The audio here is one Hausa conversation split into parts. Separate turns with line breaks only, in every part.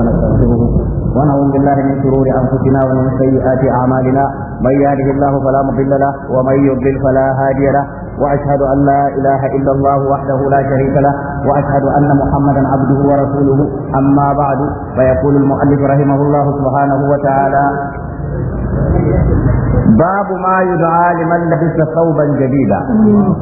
ونستغفره ونعوذ بالله من شرور انفسنا ومن سيئات اعمالنا من يهده الله فلا مضل له ومن يضلل فلا هادي له واشهد ان لا اله الا الله وحده لا شريك له واشهد ان محمدا عبده ورسوله اما بعد فيقول المؤلف رحمه الله سبحانه وتعالى babu ma yud'a liman labisa thawban jadida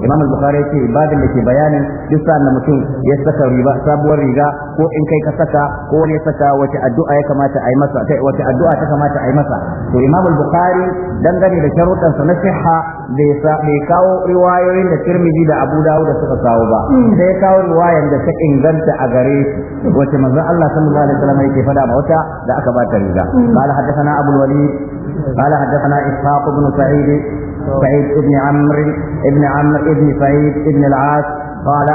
imam al-bukhari yace babin da ke bayanin duk sa'an da mutum ya saka riba sabuwar riga ko in kai ka saka ko wani ya saka wace addu'a ya kamata a yi masa wace addu'a ta kamata a yi masa to Imamul al dangane da sharuɗan sa na sihha bai kawo riwayoyin da tirmidhi da abu dawud da suka kawo ba sai kawo riwayan da ta inganta a gare shi wace manzon Allah sallallahu alaihi wasallam yake fada ma wata da aka ba ta riga قال حدثنا أبو الوليد قال حدثنا إسحاق بن سعيد سعيد بن عمرو بن عمرو بن سعيد بن العاص قال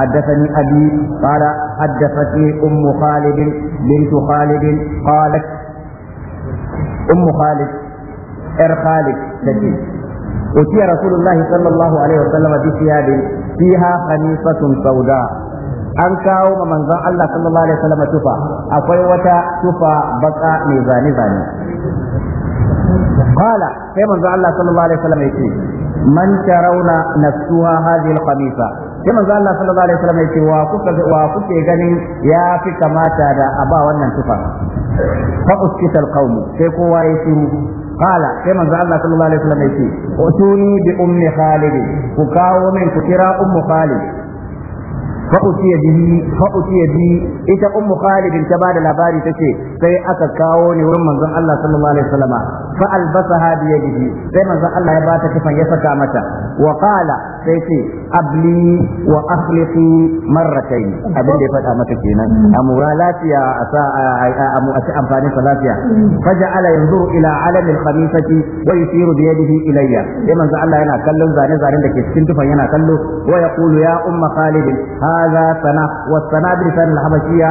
حدثني أبي قال حدثتني أم خالد بنت خالد قالت أم خالد إر خالد تجي أتي رسول الله صلى الله عليه وسلم بثياب فيها خميصة سوداء an kawo ma manzon Allah sallallahu alaihi wasallam tufa akwai wata tufa baka mai zane zane qala sai manzo Allah sallallahu alaihi wasallam yace man tarawna nafsuha hadhihi al-khabisa sai manzo Allah sallallahu alaihi wa kuka wa kuke ganin ya fi kamata da aba wannan tufa fa uskita al-qaum sai kowa ya shiru قال كما الله صلى الله عليه وسلم يقول اتوني بأم خالد فكاو من فكرة أم خالد فأتي به فأتي به إذا أم خالد تبادل الأباري تشي سي أكا كاوني ورمان الله صلى الله عليه وسلم fa albasaha bi yadihi sai manzo Allah ya bata tufan ya saka mata wa qala sai ce abli wa akhliqi marratayn abin da ya faɗa mata kenan amura lafiya a sa amu a ci amfani sa lafiya faja'ala yanzuru ila alam al-khamisati wa yusiru bi ilayya sai manzo Allah yana kallon zane zane da ke cikin tufan yana kallo waya kuluya ya umma khalid hadha sana wa sana bi sana al-habashiyya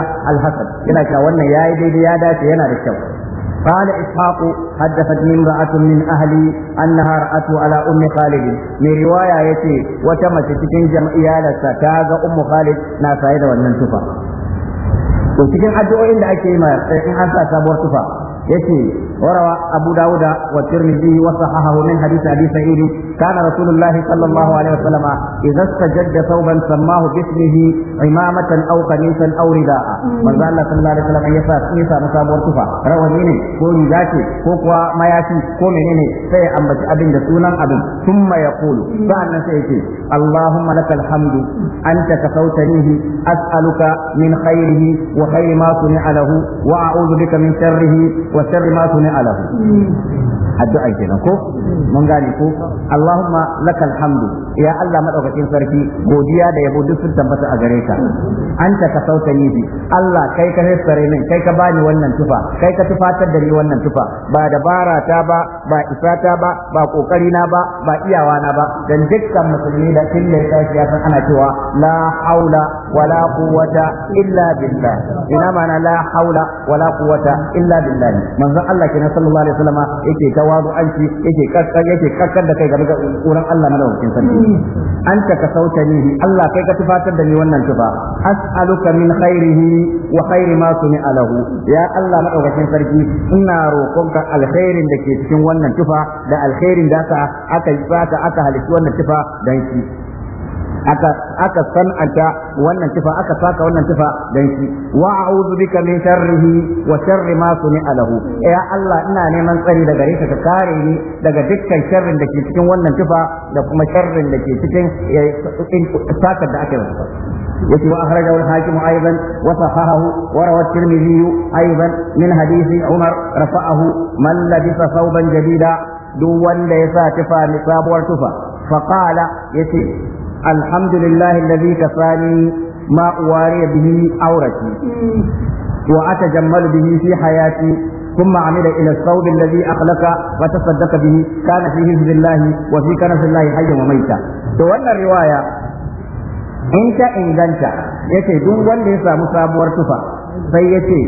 yana cewa wannan yayi daidai ya dace yana da kyau قال إسحاق حدثتني امرأة من أهلي أنها رأته على أم خالد من رواية يتي وتمت تكن جمعية لسكاغ أم خالد نافايدة والننتفة وتكن أدعو إلا أكيما إن أنسى سابور تفا يتي وروى أبو داود والترمذي وصححه من حديث أبي سعيد كان رسول الله صلى الله عليه وسلم إذا استجد ثوبا سماه باسمه عمامة أو قميصا أو رداء من قال صلى الله عليه وسلم يسا يسا مصاب ورتفا روى مني كو نجاتي كو كوا ما ياتي كو منيني سي أمبت أبن دسونا أبن ثم يقول فأنا سيتي اللهم لك الحمد أنت كفوتنيه أسألك من خيره وخير ما صنع له وأعوذ بك من شره وشر ما صنع sami'a lahu addu'a kenan ko mun gane ko Allahumma lakal hamdu ya Allah madaukakin sarki godiya da yabo duk sun tabbata a gare ka anta ka sauta ni bi Allah kai ka hessare min kai ka bani wannan tufa kai ka tufatar da ni wannan tufa ba dabara ta ba ba isata ba ba kokari na ba ba iyawa na ba dan dukkan musulmi da kin da ya san ana cewa la haula ولا قوة إلا بالله إنا معنى لا حول ولا قوة إلا بالله من ذا الله كنا صلى الله عليه وسلم يكي تواضع أنشي يكي كسر يكي كسر دكي قبل قولا الله ملوه كنسان أنت كسوتنيه الله كي كتفاتر دني وانا انتفا أسألك من خيره وخير ما سمع له يا الله ملوه كنسان إنا روكمك الخير دكي تكون وانا انتفا دا الخير داسا أكا يفاتا أكا هلسوانا انتفا دنشي aka aka san'anta wannan tufa aka saka wannan tufa dan shi wa a'udhu bika min sharrihi wa sharri ma sumi'a lahu ya Allah ina neman tsari daga gare ka kare ni daga dukkan sharrin da ke cikin wannan tufa da kuma sharrin da ke cikin eh, sakar da aka yi يتي وأخرجه الحاكم أيضا وصححه وروى الترمذي أيضا من حديث عمر رفعه من duk wanda ya sa tufa ni sabuwar tufa فقال يتي الحمد لله الذي كفاني ما أواري به عورتي وأتجمل به في حياتي ثم عمل إلى الثوب الذي أخلق وتصدق به كان فيه حفظ الله وفي كنف الله حيا وميتا وأن الرواية إنت إنجنت يتي دون وان ليس مصاب ورتفا sai ya ce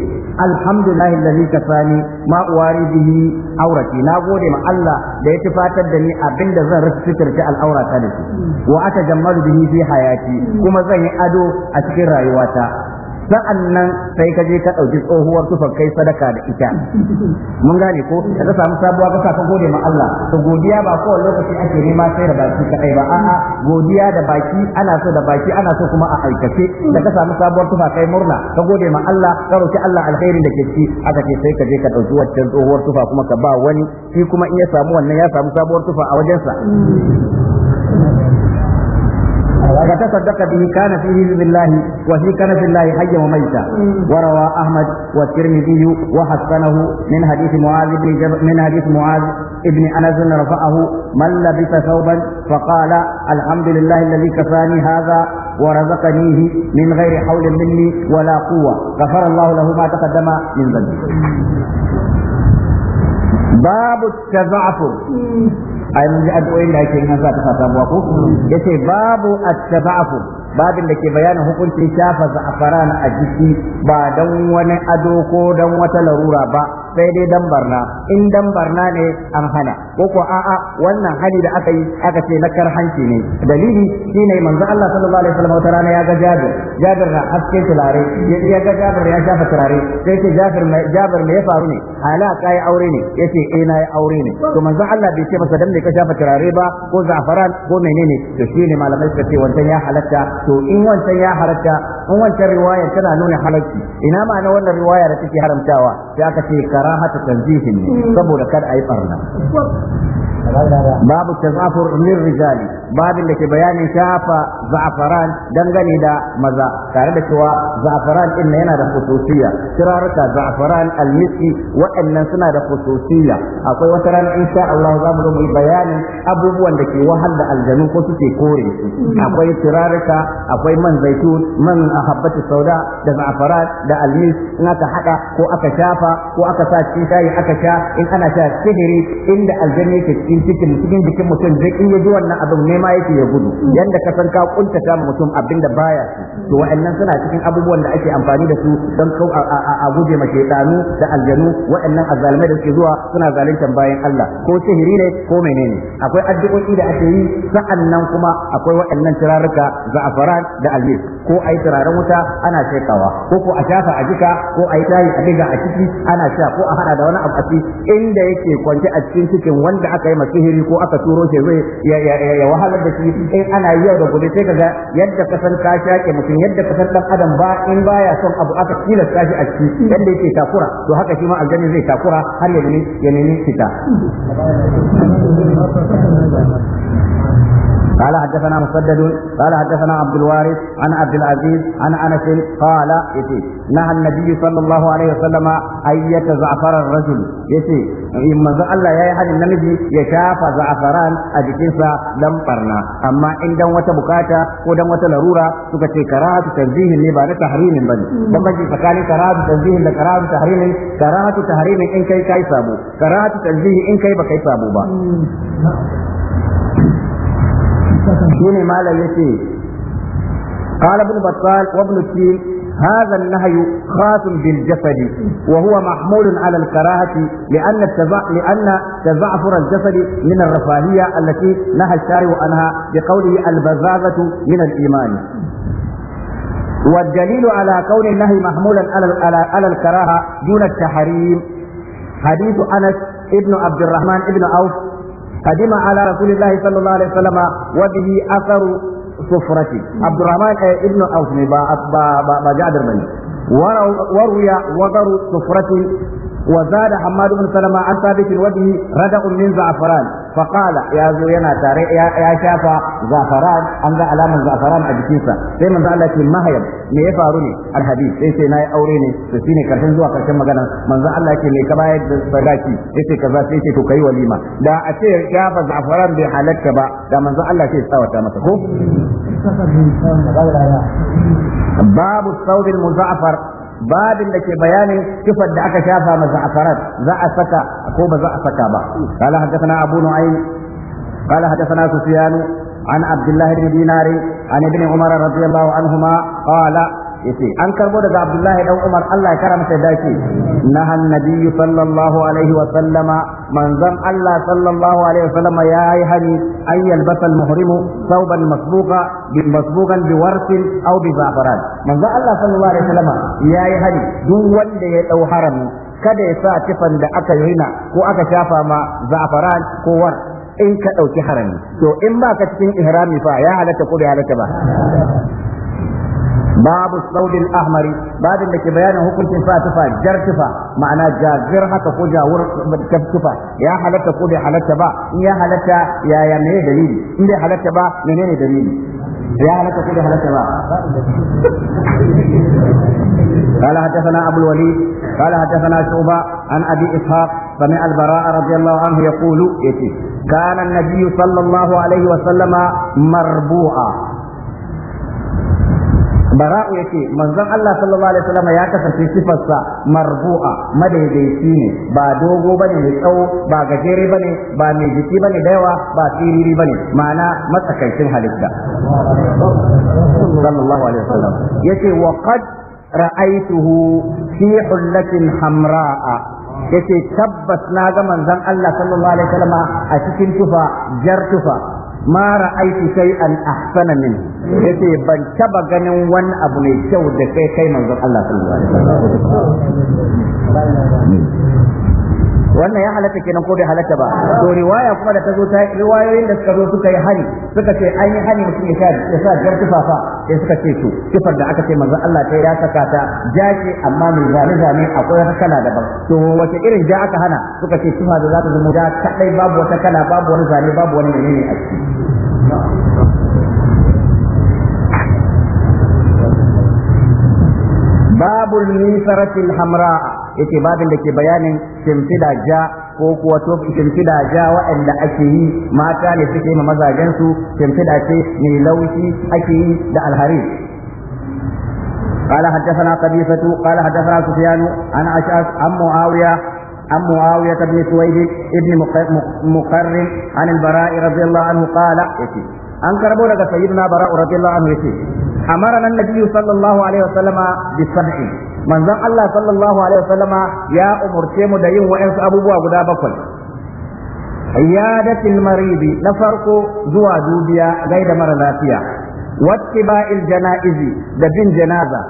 alhamdulillahi allazi kafani ma uwari bihi aurati na gode ma Allah da ya tufatar da ni abinda zan rasa fitarta al'aurata da shi wa jammalu bihi fi hayati kuma zan yi ado a cikin rayuwata sa'an sai ka je ka ɗauki tsohuwar tufar kai sadaka da ita mun gane ko da ka samu sabuwa ka ka gode ma Allah to godiya ba kowane lokaci ake nema sai da baki kadai ba a'a godiya da baki ana so da baki ana so kuma a aikace da ka samu sabuwar tufa kai murna ka gode ma Allah ka roki Allah alheri da ke ci aka ce sai ka je ka ɗauki wancan tsohuwar tufa kuma ka ba wani shi kuma in ya samu wannan ya samu sabuwar tufa a wajensa تصدق به كان في حزب الله وفي كان في الله حيا وميتا وروى احمد والترمذي وحسنه من حديث معاذ بن من حديث معاذ ابن انس رفعه من لبس ثوبا فقال الحمد لله الذي كفاني هذا ورزقنيه من غير حول مني ولا قوه غفر الله له ما تقدم من ذنبه باب التضعف ai mun ji da ake yin sa ta sabuwa ko yace babu at-taba'u babin da ke bayanin hukuncin shafa za'afaran a jiki ba dan wani ado ko don wata larura ba sai dai dan barna in dan barna ne an hana ko ko a'a wannan hali da aka yi aka ce na hanci ne dalili shine manzo Allah sallallahu alaihi wasallam tarana ya ga Jabir Jabir na haske tulare ya ga Jabir ya shafa turare sai ce Jabir mai Jabir mai ya faru ne ala kai aure ne yace eh na ya aure ne to manzo Allah bai ce masa dan ne ka shafa turare ba ko zafaran ko menene to shine malamai suka ce wancan ya halatta to in wancan ya halatta in wancan riwaya tana nuna halacci ina ma na wannan riwaya da take haramtawa sai aka ce ka karahatu tanzihin ne saboda kada ayi barna babu tazafur rijali babin da ke bayanin shafa za'afaran dangane da maza tare da cewa za'afaran din yana da khususiyya kiraruka za'afaran almiski waɗannan suna da khususiyya akwai wata rana insha Allah za mu yi bayanin abubuwan da ke wahal da aljanu ko suke kore akwai kiraruka akwai man zaitun man ahabbatu sauda da za'afaran da almis in aka hada ko aka shafa ko aka sa cikin shayi aka sha in ana sha sihiri inda aljanna yake cikin cikin cikin jikin mutum zai in yaji wannan abin nema yake ya gudu yanda ka san ka kuntata mutum mutum abinda baya to wa'annan suna cikin abubuwan da ake amfani da su don kau a guje ma shaytanu da aljanu wa'annan azzalmai da suke zuwa suna zaluntan bayan Allah ko sihiri ne ko menene akwai addu'o'i da ake yi sa'annan kuma akwai wa'annan turaruka za'afaran da almis ko ai turaren wuta ana shaikawa ko ko a shafa a jika ko ai tayi a diga a ciki ana sha ko a hada da wani abu inda yake kwance a cikin cikin wanda aka yi masihiri ko aka turo shi zai ya wahalar da shi in ana yau da gobe sai kaga yadda ka san ka shake mutum yadda ka san dan adam ba in baya son abu aka kila shi a ciki yadda yake takura to haka shi ma aljanna zai takura har ya ya nemi fita قال حدثنا مسدد قال حدثنا عبد الوارث عن عبد العزيز عن انس قال يتي نهى النبي صلى الله عليه وسلم ان يتزعفر الرجل يتي اما الله يا حد النبي يشاف زعفران اجكنسا دم برنا اما ان دم وتا بكاتا ko dan wata larura suka ce karahatu tanzihin ne ba na tahrimin bane bambanci tsakanin karahatu tanzihin da karahatu tahrimin karahatu tahrimin in kai kai sabo karahatu tanzihi in kai ba kai sabo ba شيني مالا yace قال ابن بطال وابن ibn هذا النهي خاص بالجسد وهو محمول على الكراهة لأن لأن تزعفر الجسد من الرفاهية التي نهى الشارع عنها بقوله البزازة من الإيمان والدليل على كون النهي محمولا على على الكراهة دون التحريم حديث أنس ابن عبد الرحمن ابن عوف قدم على رسول الله صلى الله عليه وسلم وبه أثر صفرة عبد الرحمن ابن أوس با جادر مني وروي وغر صفرة وزاد حماد بن سلمة عن ثابت وبه ردع من زعفران faqala ya zo yana tare ya shafa zafaran an ga alaman zafaran a jikinsa sai manzo Allah ce mahayam me ya faru ne alhadith sai sai yi aure ne da shi ne karshen zuwa karshen magana manzo Allah ce me ka bayar da sadaki yace kaza sai yace to kai walima da a ce ya shafa zafaran bai halarta ba da manzo Allah ce tsawata masa ko babu saudil muzaffar babin da ke bayanin kifar da aka shafa ma za'afarat za a saka ko ba za a saka ba qala hadathana abu nu'aym qala hadathana sufyan an abdullah ibn dinar an ibn umar radiyallahu anhuma qala yace an karbo daga Abdullahi dan Umar Allah ya karamta dace Na nabiyyu sallallahu alaihi wa sallama manzon Allah sallallahu alaihi wa sallama yayi hani an yalbasa al-muhrimu thawban masbuqa bi masbuqan bi warqin aw bi za'faran manzon Allah sallallahu alaihi wa sallama yayi hani duk wanda ya dau harami kada ya sa tifan da aka rina ko aka shafa ma za'faran ko war in ka dauki harami to in ba ka cikin ihrami fa ya halatta ko bai halatta ba babu saudin ahmari babin da ke bayanin hukuncin sa tufa jar tufa ma'ana jazir haka ko jawur tufa ya halatta ko bai halatta ba in ya halatta yaya ne dalili in bai halatta ba menene dalili يا هلك كل هلك ما قال حدثنا ابو الوليد قال حدثنا شعبه عن ابي اسحاق سمع البراء رضي الله عنه يقول كان النبي صلى الله عليه وسلم مربوعا bara'u yake manzon Allah sallallahu alaihi wasallam ya kasance sifarsa marbu'a madaidaici ne ba dogo bane mai tsawo ba gajere bane ba mai jiki bane da yawa ba siriri bane ma'ana matsakaicin halitta sallallahu alaihi wasallam yace wa qad ra'aituhu fi hullatin hamra'a yace tabbas na ga manzon Allah sallallahu alaihi wasallam a cikin tufa jar tufa ma ra'aitu shay'an ahsana min yace ban taba ganin wani abu mai kyau da kai kai manzon Allah sallallahu alaihi wasallam wannan ya halatta kenan ko bai halatta ba to riwaya kuma da ta zo ta riwayoyin da suka zo suka yi hani suka ce an yi hani mutum ya ya sa jar tufafa sai suka ce to kifar da aka ce manzon Allah ta ya saka ta ja amma mai zane zane akwai wata kala daban to wace irin ja aka hana suka ce tufa da za ta zama ja kadai babu wata kala babu wani zane babu wani menene a ciki باب الميسرة الحمراء yace babin da ke bayanin shimfida ja ko kuwa to shimfida ja waɗanda ake yi mata ne suke ma mazajensu su shimfida ce mai laushi ake yi da alhari قال حدثنا قبيصة قال حدثنا سفيان عن أشعث عن معاوية عن معاوية بن سويد بن مقرن عن البراء رضي الله عنه قال an karbo daga sayyidina bara'u radiyallahu anhu yace amara nan nabiyyu sallallahu alaihi wasallama bi manzon Allah sallallahu alaihi wasallama ya umurce mu da yin wa'ansu abubuwa guda bakwai iyadatil maridi na farko zuwa dubiya gaida mara lafiya wattiba'il janaizi da bin janaza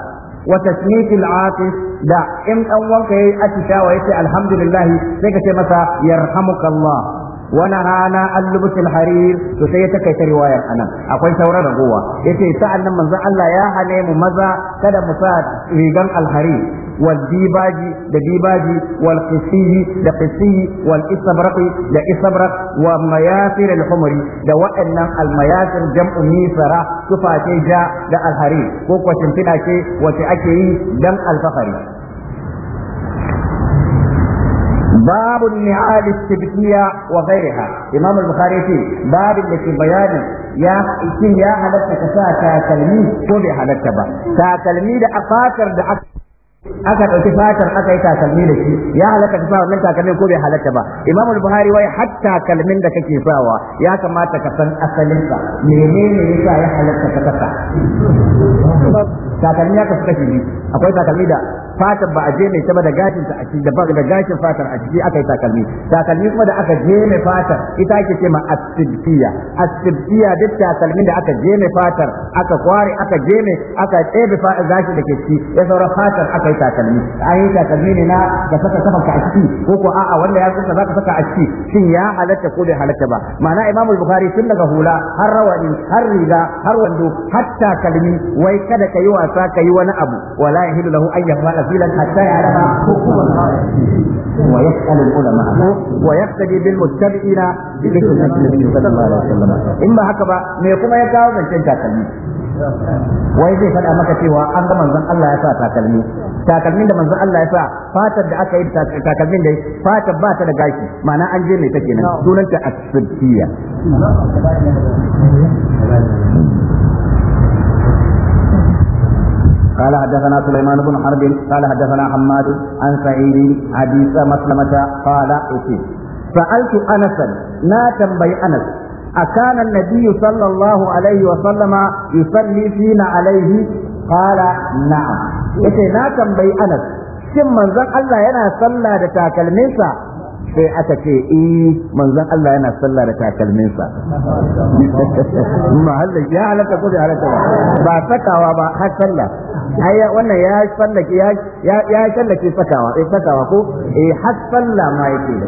wa tasmikil atis da in dan wanka yayi atishawa yace alhamdulillah sai ka ce masa yarhamukallah ونهانا عن لبس الحرير to sai ya takaita riwayar anan akwai sauran ragowa yace sa'an nan manzon Allah ya hane mu maza kada mu sa rigan alhari wal dibaji da dibaji wal qisiyi da qisiyi wal istabraqi da istabraq wa mayasir al humri da waɗannan al mayasir jam'u misara tufafe ja da alhari ko kwatin ce wace ake yi dan alfahari باب النعال السبتية وغيرها إمام البخاري في باب اللي في bayani يا إتي يا هلتك كسا تاكلمي كل هلتك با تاكلمي دا أفاتر دا aka ɗauki fatar aka yi takalmi da shi ya halatta ka sa wannan takalmin ko bai halatta ba imam al-buhari wai har takalmin da kake sawa ya kamata ka san asalinsa menene yasa ya halatta ka kasa takalmi aka kasu kashi akwai takalmi da fatar ba a je mai ta ba da gashin ta a ciki da da gashin fatar a ciki aka yi takalmi takalmi kuma da aka je mai fatar ita ake ce ma asibtiya asibtiya duk takalmin da aka je mai fatar aka kware aka je mai aka tsebe gashi da ke ciki ya saura fatar aka yi takalmi an yi takalmi ne na ka saka ka a ciki ko ko a'a wanda ya za ka saka a ciki shin ya halatta ko bai halatta ba ma'ana imamul bukhari tun daga hula har rawani har riga har wando hatta kalmi wai kada ka yi wa wasa ka yi wani abu wala ya hidu lahu an yafala filan hatta ya'lama hukumar wa yas'alu ulama wa yaqtadi bil muttabi'ina bi sunnati sallallahu alaihi wasallam in ba haka ba me kuma ya kawo zancen takalmi wai zai faɗa maka cewa an ga manzon Allah ya sa takalmi takalmin da manzon Allah ya sa fatar da aka yi takalmin dai fatar ba ta da gashi ma'ana an je mai take nan sunanta asfiya قال حدثنا سليمان بن حرب قال حدثنا حماد عن سعيد حديث مسلمة قال اتيت سألت أنسا لا تنبي أنس أكان النبي صلى الله عليه وسلم يصلي فينا عليه قال نعم يتي لا تنبي أنس shin manzon Allah yana sallah da takalminsa sai aka ce eh manzon Allah yana sallah da takalminsa mahallin ya halatta ko bai halatta ba ba sakawa ba har sallah wannan ya sallake ya ya sallake sakawa eh sakawa ko eh har sallah ma yake da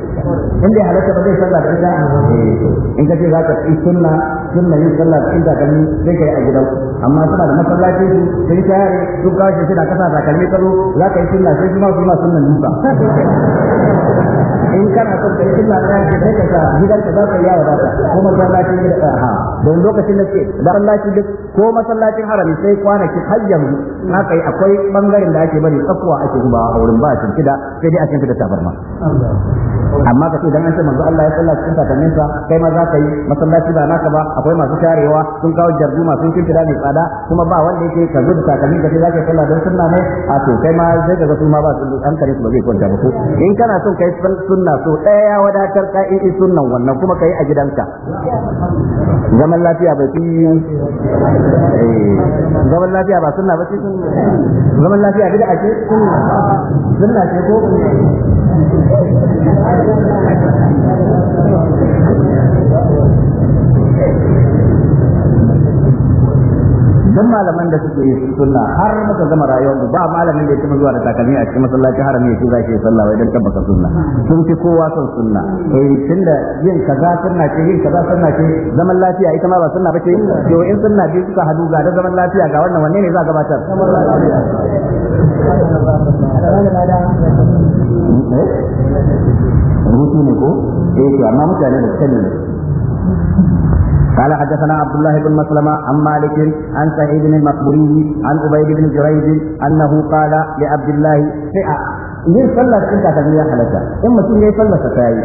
inda halatta ba zai sallah da ita eh, in ka ce za ka yi sunna sunna yin sallah da takalmi zai kai a gidanku amma suna da masallaci su sai ta yare duk gashi shi da kasa takalmi karo za ka yi sunna sai kuma su ma sunnan nufa in kana son kai sunna ta ce sai ka gidan ka za ka yi yawa ta ko masallaci da ha don lokacin da ke da masallaci duk ko masallacin harami sai kwanaki har yanzu kai akwai bangaren da ake bari tsakuwa ake ba a wurin ba a da, sai dai a cinkida tabarma amma ka ce dan an ce manzo Allah ya sallah cikin takalminsa kai ma za ka yi masallaci ba naka ba akwai masu tarewa sun kawo jardu masu cinkida mai tsada kuma ba wanda yake ka zo da takalmi ka ce zaka sallah don sunna ne a to kai ma sai ka ga su ma ba su an kare su ba zai kwanta ba ko in kana son kai sunna so daya ya wadatar ka in sunnan wannan kuma kai a gidanka zaman lafiya ba fi eh, zaman lafiya ba sunna ba ce zaman lafiya gida ake sunna ce ko duk malaman da suke yi sunna har muka gama rayuwar ba malamin da ya zuwa da takalmi a cikin masallaci harami ya ce za shi sallah wai dan tabbata sunna sun fi kowa son sunna eh tunda yin kaza sunna ce yin kaza sunna ce zaman lafiya ita ma ba sunna ce to in sunna bi suka hadu ga da zaman lafiya ga wannan wanne ne za gabatar eh? rubutu ne ko eh to amma mutane da sani قال حدثنا عبد الله بن مسلمة عن مالك عن سعيد بن المقبوري عن عبيد بن جريج أنه قال لعبد الله فئة yin sallah cikin takalmi ya halatta in mutum ya yi sallah sa ta yi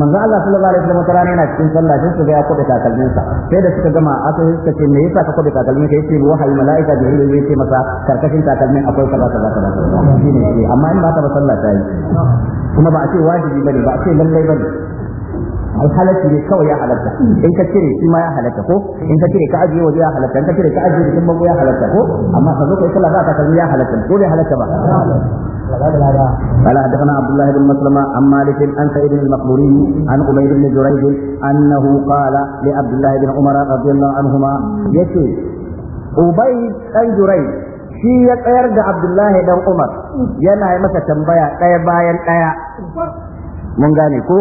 manzo Allah sallallahu alaihi wasallam tarani yana cikin sallah sai suka ga ya kobe takalmin sa sai da suka gama asali suka ce me yasa ka kobe takalmin ka yace wahayi malaika jibril ya ce masa karkashin takalmin akwai kaza amma in ba ta ba yi kuma ba a ce wajibi bane ba a ce lallai bane alhalaki ne kawai ya halatta in ka cire shi ma ya halatta ko in ka cire ka ajiye waje ya halatta in ka cire ka ajiye cikin ya halatta ko amma ka zo ka yi sallah ba ta ya halatta ko bai halatta ba قال حدثنا عبد الله بن مسلمة عن مالك عن سعيد المقبوري عن عبيد بن جريج أنه قال لعبد الله بن عمر رضي الله عنهما يتي عبيد بن جريج shi ya tsayar da Abdullahi dan Umar yana yi masa tambaya ɗaya bayan ɗaya mun gane ko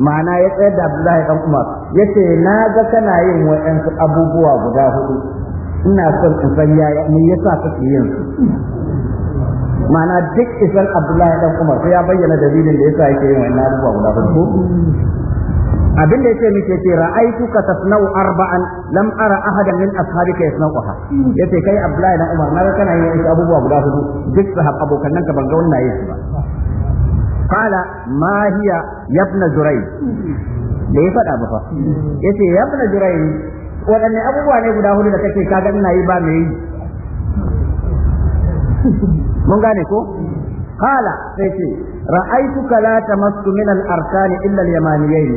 ma'ana ya tsayar da Abdullahi dan Umar yace na ga kana yin waɗansu abubuwa guda hudu ina son in san yaya me yasa kake yin su ma'ana duk isan Abdullahi dan Umar sai ya bayyana dalilin da yasa yake yin wannan abubuwa guda hudu abin da yake muke ce ka tasna'u arba'an lam ara ahadan min ashabika yasna'uha yace kai Abdullahi dan Umar na ga kana yin abubuwa guda hudu duk sahabbai abokan nan ka ban ga wannan yayi ba qala ma hiya yabna zurai da ya faɗa ba fa yace yabna zurai waɗanne abubuwa ne guda hudu da kake ka ga ina yi ba me yi mun gane ko qala sai ce ra'aituka la tamassu min al-arkan illa al-yamaniyayn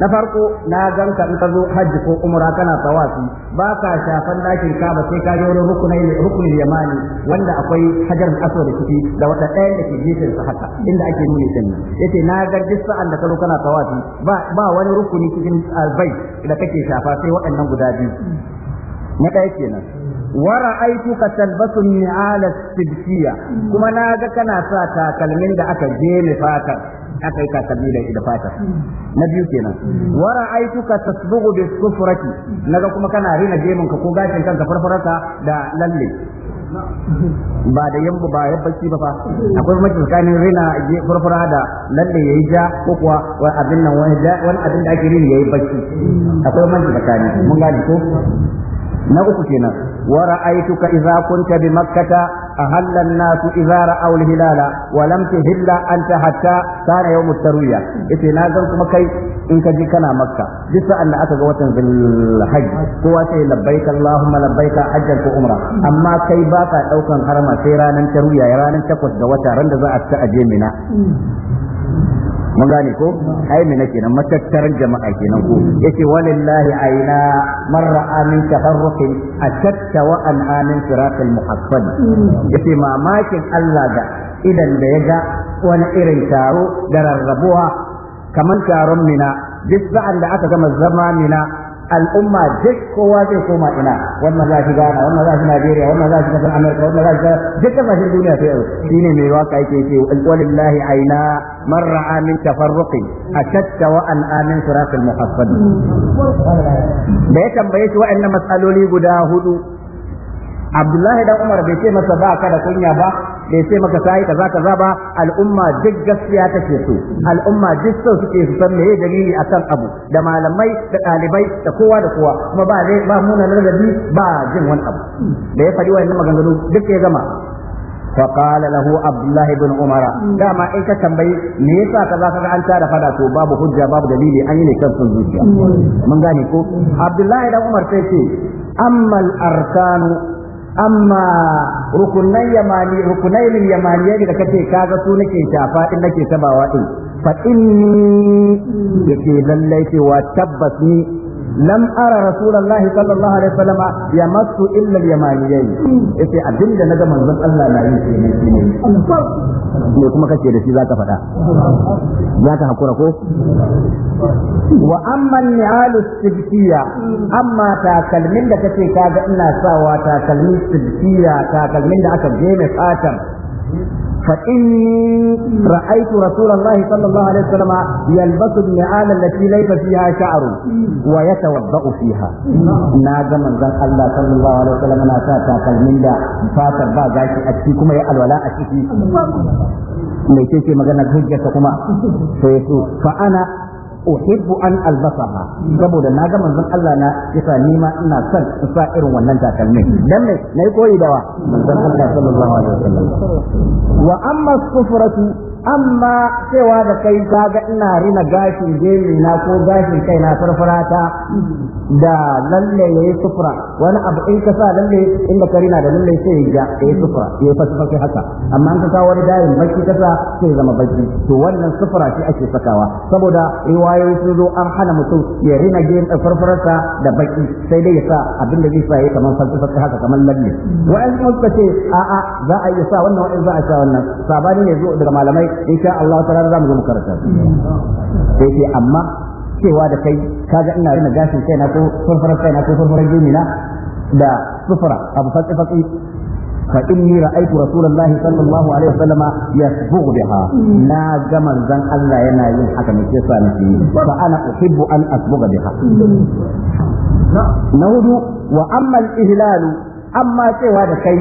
na farko na ganka in ka zo hajji ko umra kana tawafi ba ka shafan dakin kaba sai ka je wurin rukunin rukunin yamani wanda akwai hajar da ciki da wata ɗaya da ke gefen su haka inda ake nuni din yace na ga duk sa'an da ka zo kana tawafi ba ba wani rukuni cikin albai da kake shafa sai waɗannan guda biyu na ɗaya kenan ورأيتك تلبس النعال السبتية كما ناغا كنا ساتا كلمين دا أكا جيم فاتر أكا إكا سبيل إذا فاتر نبيو كنا ورأيتك تصبغ بالسفرة ناغا كما كنا رينا جيم كوغا تنكا فرفرتا دا للي ba da yamma ba ya bacci ba fa akwai mace tsakanin rina je furfura da lalle yayi ja ko kuwa wa abin nan wani abin da ake rini yayi bacci akwai mace tsakanin mun gane ko na uku kenan wa ra'aytuka idza kunta bi makkata ahalla an-nas idza ra'aw al-hilala wa lam tuhilla anta hatta kana yawm at-tarwiyah yace na gan kuma kai in ka ji kana makka duk sa'an da aka ga watan zulhajj kowa sai labbaika allahumma labbaika hajjan ko umra amma kai ba ka daukan harama sai ranar tarwiya ranar takwas ga wata ran da za a ci aje mina mun gane ko ai me nake nan matattaran jama'a kenan ko yace walillahi aina marra amin tafarruqin ashatta wa an amin siratal muhaffad yace mamakin Allah da idan da ya ga wani irin taro da rarrabuwa kamar taron mina duk sa'an da aka gama zama mina al'umma duk kowa zai koma ina wannan za shi Ghana wannan za Najeriya wannan za shi kasar Amerika wannan za shi duk kasashen duniya sai yau shine mai waka yake ce walillahi aina man ra'a min tafarruqi atatta wa an amin al muhaffad da ya tambaye shi wa'annan mas'aloli guda hudu Abdullahi dan Umar bai ce masa ba ka da kunya ba bai sai maka sai kaza kaza al'umma duk gaskiya ta ke so al'umma duk so suke su san meye dalili akan abu da malamai da ɗalibai da kowa da kowa kuma ba zai ba muna ladabi ba jin wani abu da ya faɗi wannan maganganu duk ya gama فقال له عبد الله بن عمر دا ما اي تتنبي me yasa kaza kaga an da fada to babu hujja babu dalili an yi ne kan zuciya mun gane ko Abdullahi dan Umar sai ce amma al amma rukunai yamani rukunai lil yamani da kace kaga su nake shafa din nake sabawa din fa inni yake lallai cewa tabbas ni lam ara rasulullahi sallallahu alaihi wasallam yamassu illa al-yamaniyyin yace abinda ga manzon Allah na yi shi ne ne kuma kace da shi zaka faɗa Ya zaka hakura ko wa amma ni'alu sibtiya amma takalmin da kace kaga ina sawa takalmin sibtiya takalmin da aka gene fatan فإني رأيت رسول الله صلى الله عليه وسلم يلبس النعال التي ليس فيها شعر ويتوضأ فيها ناجا من ذن الله صلى الله عليه وسلم أنا ساتا كالمين دا فاتا باقا أشيكم يا الولاء أشيكي ميتيكي مغنى هجة كما فيسو فأنا uhibbu an albasaha saboda na ga manzon Allah na yasa ni ma ina son in sa irin wannan takalmin dan me nayi koyi da wa manzon Allah sallallahu alaihi wasallam wa amma sufratu amma cewa da kai Ka ga ina rina gashin gemi na ko gashi kai na farfarata da lalle yayi sufra wani abu in ka sa lalle inda ka rina da lalle sai ya yayi sufra yayi fasu haka amma in ka sa wani dayin baki kasa sai zama baki to wannan sufra shi ake sakawa saboda riwa ayoyi sun zo an hana mutum ya rina gem farfararsa da baki sai dai ya sa abin da zai sa ya kamar falsafa haka kamar lalle wa'ansu sun suka ce a'a za a iya sa wannan wa'ansu za a sa wannan sabani ne zo daga malamai insha Allah ta rana za mu zo mu karanta sai ce amma cewa da kai ga ina rina gashin kaina ko farfarar kaina ko farfarar na da sufura abu fatsi fatsi fa inni ra'aytu rasulullahi sallallahu alaihi wasallam yasbugh biha na ga manzon Allah yana yin haka ne ke sa nake yi fa ana uhibbu an asbugha biha na hudu wa amma al amma cewa da kai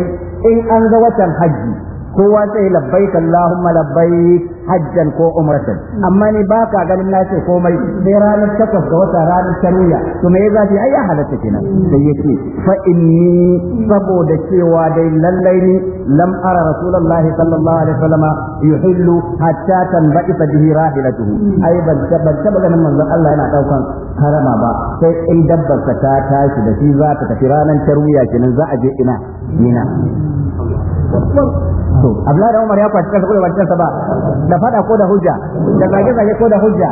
in an ga watan hajji kowa sai labbai Allahumma malabbai hajjan ko umratan amma ni ba ka ganin na ce komai sai ranar takwas ga wata ranar tarwiya to me za ta ai halatta kenan sai yace fa inni saboda cewa dai lallai ni lam ara rasulullahi sallallahu alaihi wasallama yuhillu hatta tanba'isa bihi rahilatuhu ai ban ban taba ganin manzon Allah yana daukan harama ba sai in dabbar ta tashi da shi za ta tafi ranar tarwiya kenan za a je ina ina to Abdullahi Umar ya kwaci kansa ko bai ba da fada ko da hujja da zage zage ko da hujja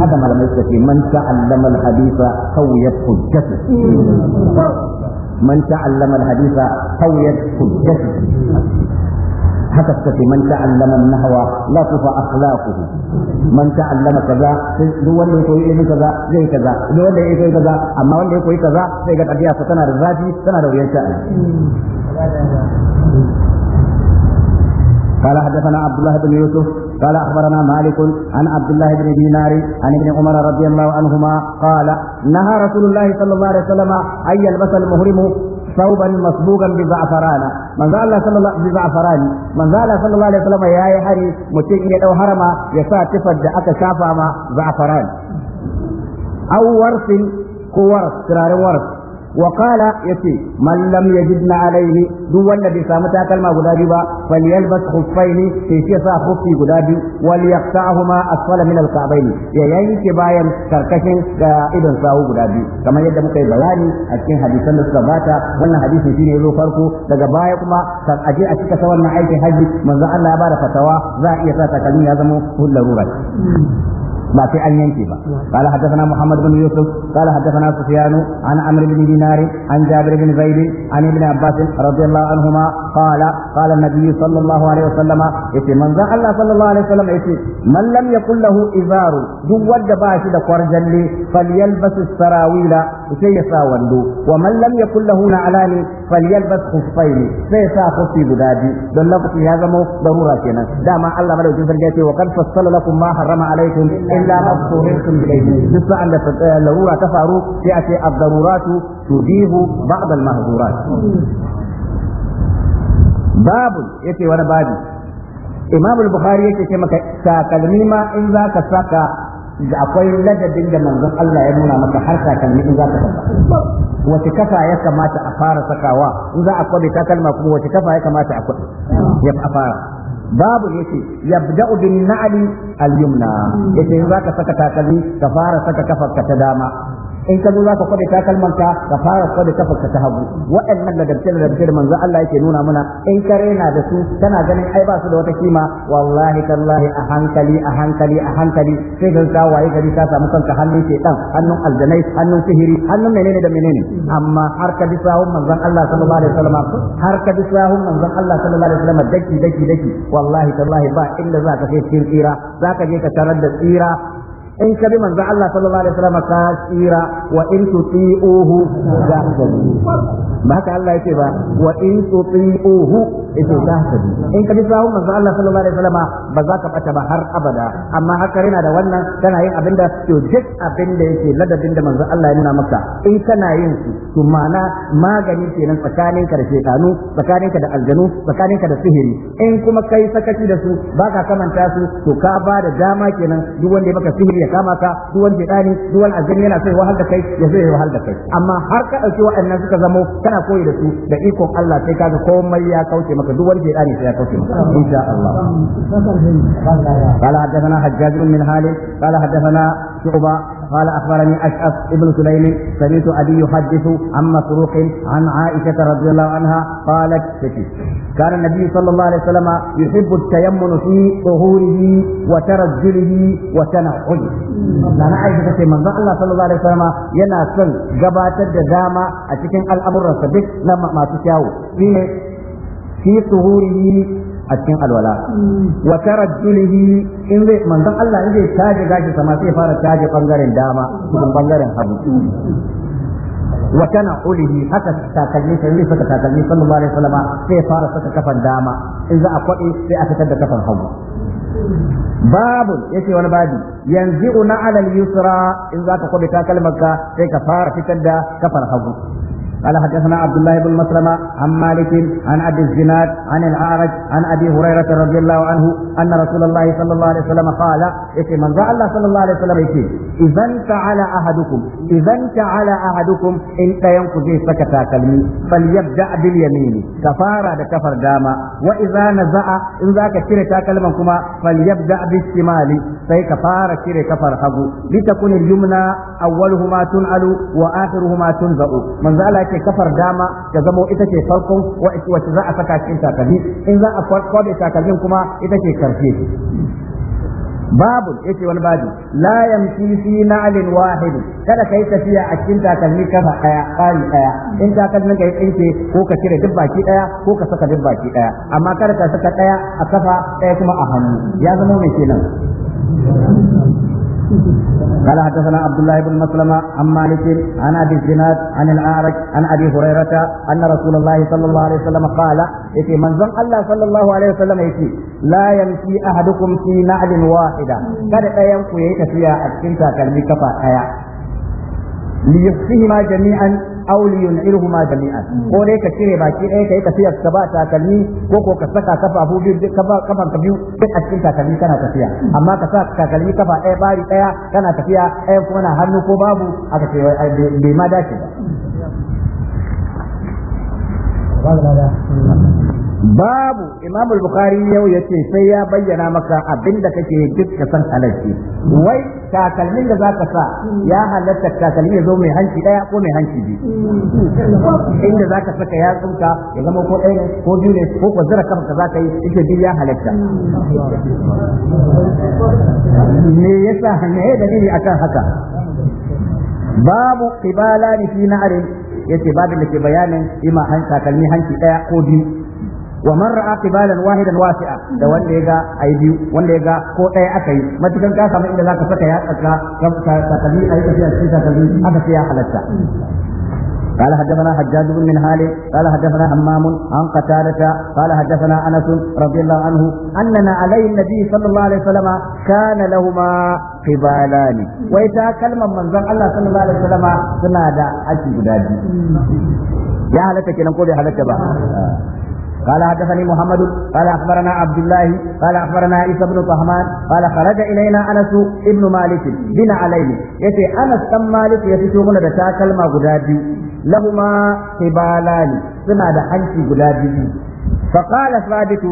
haka malamai suka ce man ta'allama al-hadisa qawiyat hujjatu man ta'allama al-hadisa qawiyat haka suka ce man ta'allama nahwa la tufa akhlaquhu man ta'allama kaza duk wanda ya koyi ilimin kaza zai kaza duk wanda ya koyi kaza amma wanda ya koyi kaza sai ga tabiya tana da zafi tana da wuyar sha'ani قال حدثنا عبد الله بن يوسف قال اخبرنا مالك عن عبد الله بن دينار عن ابن عمر رضي الله عنهما قال نهى رسول الله صلى الله عليه وسلم ان يلبس المهرم ثوبا مصبوغا بزعفران من ذا الله صلى الله بزعفران من ذا الله صلى الله عليه وسلم يا يحري متين يدو هرما يسا تفد أكا شافا ما زعفران أو ورث كورث كرار ورث wa ya yace man lam yajidna alayhi duk wanda bai samu takalma guda biyu ba falyalbas khuffaini sai shi sa khuffi guda biyu wal yaqta'huma asfala min al-ka'bayn ya yanke bayan karkashin da idon sawu guda biyu kamar yadda muka yi bayani a cikin hadisan da suka bata wannan hadisi shine zo farko daga baya kuma a aje a cika sa wannan aikin haji manzo Allah ya bada fatawa za a iya sa takalmi ya zama hullarura ba sai an yanke ba qala hadathana muhammad bin yusuf qala hadathana sufyan an amr bin dinar an jabir bin zaid an ibn abbas radiyallahu anhuma qala qala an-nabiy sallallahu alaihi wasallam yace manzon allah sallallahu alaihi wasallam yace man lam yakul lahu izaru duk wanda ba shi da kwarjalle falyalbas sarawila sai ya sa wando wa man lam yakul lahu alani falyalbas khuffaini sai ya sa khuffi guda biyu don lafazin ya zama darura kenan dama Allah madaukakin sarki ce wa qad fassala lakum ma harrama alaykum illa ma tuhirtum bihi duk sa'an da eh, larura ta faru sai a ce ad-daruratu tudihu ba'd al-mahzurat babu yace wani babu imam al-bukhari yake ce maka takalmi ma in zaka saka da akwai ladabin da manzon Allah ya nuna maka har takalmi in za ka saka wace kafa ya kamata a fara sakawa in za a kwabe takalma kuma wace kafa ya kamata a kwabe ya fara babu ya yabda'u bin na'ali al-yumna ce in za ka saka takalmi ka fara saka kafar ta dama in ka zo za ka kwade takalman ka ka fara kwade kafarka ta hagu waɗannan ladabce ladabce da manzo Allah yake nuna mana in ka rena da su kana ganin ai ba su da wata kima wallahi tallahi a hankali a hankali a hankali sai ka ga waye gari ka samu kanka hannun shedan hannun aljanai hannun sihiri hannun menene da menene amma har ka bi sahun manzon Allah sallallahu alaihi wasallam har ka bi sahun manzon Allah sallallahu alaihi wasallam daki daki daki wallahi tallahi ba inda za ka sai cikin tsira za ka je ka tarar da tsira in ka bi manzo Allah sallallahu alaihi wasallam ka tsira wa in tuti'uhu tahtadu ba haka Allah yake ba wa in tuti'uhu yake tahtadu in ka bi sahun manzo Allah sallallahu alaihi wasallam ba za ka bata ba har abada amma haka yana da wannan kana yin abinda to duk abinda yake ladabin da manzo Allah ya nuna maka in kana yin su to ma'ana magani kenan tsakaninka da shaytanu tsakaninka da aljanu tsakaninka da sihiri in kuma kai sakaci da su baka kamanta su to ka ba da dama kenan duk wanda ya maka sihiri ya kama ka duwan wani bidani duk yana so ya wahal da kai ya zo ya wahal da kai amma har ka dauki waɗannan suka zamo kana koyi da su da ikon Allah sai kaga komai ya kauce maka duwan wani bidani sai ya kauce maka insha Allah قال حدثنا حجاج بن هالي قال حدثنا شعبة قال أخبرني أشعث ابن سليم سمعت أبي يحدث عن مسروق عن عائشة رضي الله عنها قالت تكي كان النبي صلى الله عليه وسلم يحب التيمن في ظهوره وترجله وتنعله لأن عائشة تكي من الله صلى الله عليه وسلم يناسل قبات الجزامة أتكين الأمر الصدق لما ما تشاو في ظهوره a cikin alwala wa tarajjulihi in zai manzon Allah in zai taje gashi sama sai fara taje bangaren dama cikin bangaren hagu wa kana ulihi haka takalmi sai zai saka takalmi sallallahu alaihi wasallam sai fara saka kafan dama in za a kwade sai a fitar da kafan hagu babu yace wani babu, yanzu na alal yusra in za ka kwabe takalmanka sai ka fara fitar da kafan hagu قال حدثنا عبد الله بن مسلمة عن مالك عن أبي الزناد عن الأعرج عن أبي هريرة رضي الله عنه أن رسول الله صلى الله عليه وسلم قال إيه من الله صلى الله عليه وسلم إيه إذا انتعل أحدكم إذا انتعل أحدكم إن ينقذ سكتا كلمي فليبدأ باليمين كفارة كفر داما وإذا نزع إن ذاك كرتا كلمة كما فليبدأ بالشمال سي كفارة كرة كفر حبو لتكون اليمنى أولهما تنعل وآخرهما تنزع من ذلك ce kafar dama ta zamo ita ce farkon wacce za a saka cikin takalmi in za a kwabe takalmin kuma ita ce karfe. babu yace wani babu la yamshi fi na'lin wahid kada kai tafiya a cikin takalmi kafa daya bari daya in takalmin ka tsinke ko ka cire duk baki daya ko ka saka duk baki daya amma kada ka saka daya a kafa daya kuma a hannu ya zama mai kenan قال حدثنا عبد الله بن مسلمة عن مالك عن أبي الزناد عن الأعرج عن أبي هريرة أن رسول الله صلى الله عليه وسلم قال يتي من ظن الله صلى الله عليه وسلم يتي لا يمشي أحدكم في نعل واحدة كان ينقو يتفيا أتكنتا كان بكفا حياة ليفسهما جميعا auliyun li jami'an ko dai ka cire baki ɗaya kai ka tafiya ka ba takalmi ko ko ka saka kafafu biyu duk kafan ka biyu duk a cikin takalmi kana tafiya amma ka sa takalmi kafa ɗaya bari ɗaya kana tafiya ɗaya kuma na hannu ko babu aka ce bai ma dace ba babu imam bukhari yau ya ce sai ya bayyana maka abin da kake duk ka san halarci wai takalmin da zaka sa ya halatta takalmi ya zo mai hanci daya ko mai hanci biyu inda zaka saka ya tsunka ya zama ko ɗaya ko biyu ne ko ko zira kanka zaka yi ita biyu ya halatta me yasa ne ni akan haka babu qibala fi na'ari yace babin da ke bayanin ima hanci takalmi hanci daya ko biyu wa man ra'a qibalan wahidan wasi'a da wanda ya ga ai biyu wanda ya ga ko ɗaya aka yi matukan ka samu inda zaka saka ya tsaka ka takalmi ai tafiya cikin takalmi aka sai ya halatta قال حدثنا حجاج بن من هالي قال حدثنا همام عن قتادة قال حدثنا أنس رضي الله عنه أننا علي النبي صلى الله عليه وسلم كان لهما قبالان وإذا كلمة من ذن الله صلى الله عليه وسلم سنادى أشي بدادي يا هلتك نقول يا هلتك بقى قال حدثني محمد قال اخبرنا عبد الله قال اخبرنا عيسى بن طهمان قال خرج الينا انس ابن مالك بن عليه يتي انس بن مالك يتي من da takalma guda biyu lahuma hibalani suna da hanci guda biyu فقال ثابت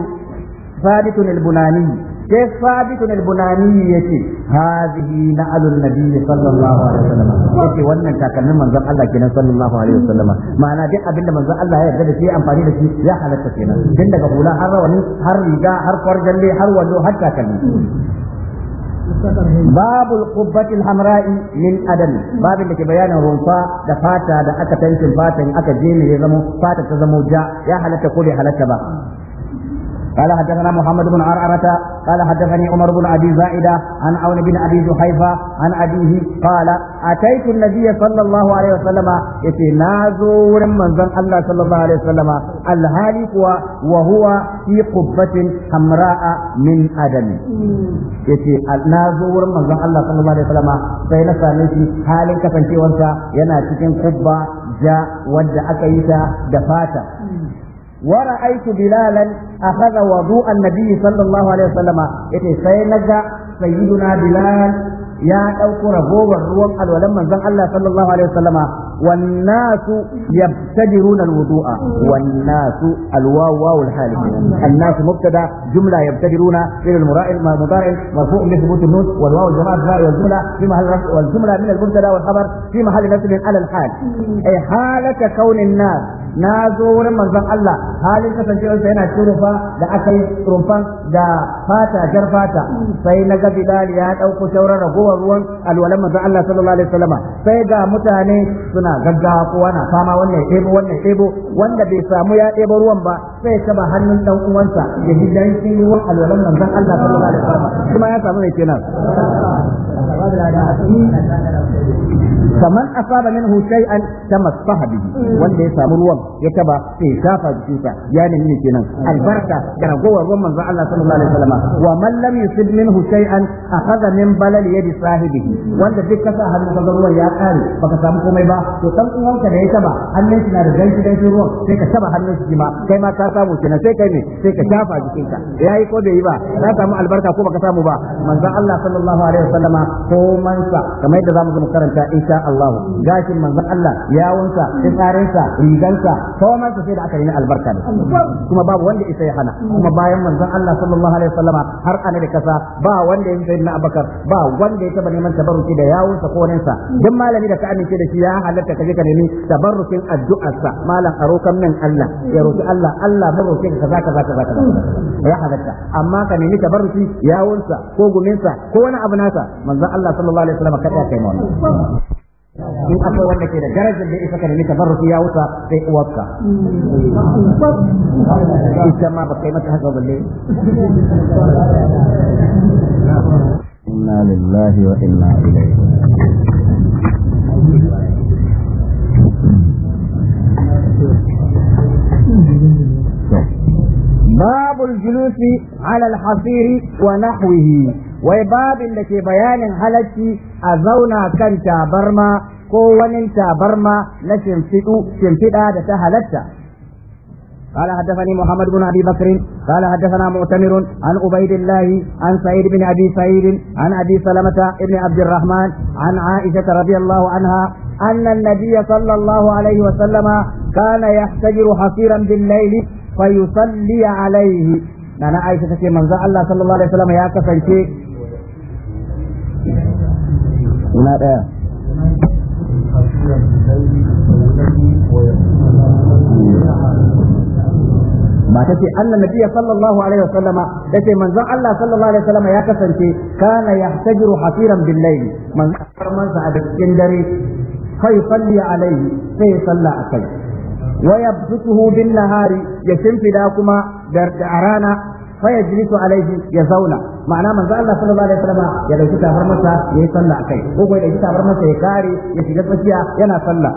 ثابت البناني sai sabitun al-bunani yace na na'alun nabiy sallallahu alaihi wasallam yace wannan kakannin manzon Allah kenan sallallahu alaihi wasallam ma'ana duk abin da manzon Allah ya yarda da shi amfani da shi ya halatta kenan tun daga hula har rawani har riga har farjalle har wando har takalmi باب القبة الحمراء من أدم باب اللي كبيانا رنفا دا فاتا دا أكا تنشن فاتا أكا جيمي يزمو فاتا تزمو جاء يا حلتا كولي حلتا با قال حدثنا محمد بن عرعرة قال حدثني عمر بن أبي زائدة عن عون بن أبي جحيفة عن أبيه قال أتيت النبي صلى الله عليه وسلم يتنازور من ذن الله صلى الله عليه وسلم الهالك وهو في قبة حمراء من أدم يتنازور من ذن الله صلى الله عليه وسلم سينسى نسي حالك فانتي وانت ينا cikin kubba ja wadda aka yi ta da fata ورأيت بلالا أخذ وضوء النبي صلى الله عليه وسلم يتي سينجا سيدنا بلال يا أوكر هو الروم الولم من الله صلى الله عليه وسلم والناس يبتدرون الوضوء والناس الواو واو الحالف الناس مبتدا جمله يبتدرون في المضارع مرفوع بثبوت النون والواو الجماعه والجمله في محل رفع والجمله من المبتدا والخبر في محل نصب على الحال اي حاله كون الناس na zo wurin manzon Allah halin kasancewarsa yana cikin da aka yi da fata jar fata sai na ga Bilal ya dauko shaurar ragowar ruwan alwalan manzon Allah sallallahu alaihi wasallam sai ga mutane suna ana gaggawa ko ana fama wannan ya ɗebo wannan ya ɗebo wanda bai samu ya ɗebo ruwan ba sai taba hannun dan uwansa ya ji dan shi ruwan alwalan manzon Allah sallallahu alaihi wasallam kuma ya samu ne kenan فمن أصاب منه شيئا تمسح به wanda ya samu ruwan ya taba sai shafa jikinsa ya nemi kenan albarka da ragowar ruwan manzon Allah sallallahu alaihi wasallam wa man lam yusib minhu shay'an akhadha min balal yadi sahibihi wanda duk kasa hannu ka ruwan ya kare baka samu komai ba to san uwanka da ya taba hannun shi na da danshi shi ruwan sai ka taba hannun shi ma kai ma ka samu na, sai kai ne sai ka shafa jikinka yayi ko bai yi ba ka samu albarka ko baka samu ba manzon Allah sallallahu alaihi wasallama ko mansa kamar yadda zamu mu karanta insha Allah gashin manzon Allah yawunsa tsarinsa rigansa ko mansa sai da aka yi albarka ne kuma babu wanda isa ya hana kuma bayan manzon Allah sallallahu alaihi wasallama har ana da kasa ba wanda ya na Abubakar ba wanda ya taba neman tabaruki da yawunsa ko sa duk malami da ka amince da shi ya halatta ka je ka nemi tabarrukin addu'arsa malam a rokan min Allah ya roki Allah Allah mun roke ka kaza kaza kaza kaza ya halatta amma ka nemi tabarruki yawunsa ko guminsa ko wani abu nasa manzon Allah sallallahu alaihi wasallam kai in akwai wanda ke da darajar da isa ka nemi tabarruki ya wuta sai uwarka ita ma ba kai mata haka balle inna lillahi wa inna ilaihi باب الجلوس على الحصير ونحوه وباب لكي بيان هلكي أزونا كان تابرما كون تابرما لشمفئة تهلتا قال حدثني محمد بن ابي بكر قال حدثنا مؤتمر عن عبيد الله عن سعيد بن ابي سعيد عن ابي سلمه بن عبد الرحمن عن عائشه رضي الله عنها أن النبي صلى الله عليه وسلم كان يحتجر حصيرا بالليل فيصلي عليه أنا عائشة في منزع الله صلى الله عليه وسلم يا ta ce annan nabiya sallallahu alaihi wasallam da ya kasance kana yahtajiru hasiran bil layl man a dare Kai ya alaihi sai فيصلي عليه فيصلى أكل ويبسطه بالنهار يشمت لكما أرانا alaihi ya zauna. ma'ana manzo Allah sallallahu alaihi wasallam ya dauki tafar masa yayi sallah akai ko ko ya dauki tafar masa ya kare ya shiga tsakiya yana sallah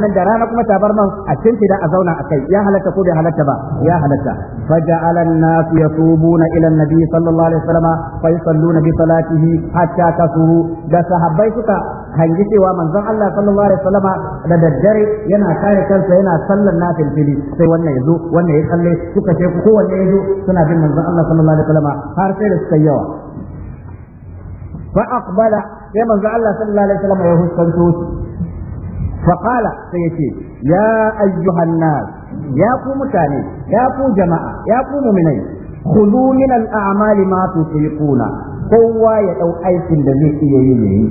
nan da rana kuma tabarman a cinci da a zauna a kai ya halatta ko bai halatta ba ya halatta faja'ala an-nasu yatubuna ila an-nabi sallallahu alaihi wasallam fa yusalluna bi salatihi hatta kasuru da sahabbai suka hangi cewa manzon Allah sallallahu alaihi wasallama da daddare yana kare kansa yana sallar nafil fili sai wannan yazo wannan ya kalle suka ce kowanne yazo suna bin manzon Allah sallallahu alaihi wasallama har sai da suka yawa fa aqbala sai manzon Allah sallallahu alaihi wasallama ya huskanto su fa qala sai yace ya ayyuhan nas ya ku mutane ya ku jama'a ya ku mu'minai khudhu min al a'mali ma tusiquna kowa ya ɗau aikin da zai iya yi yayi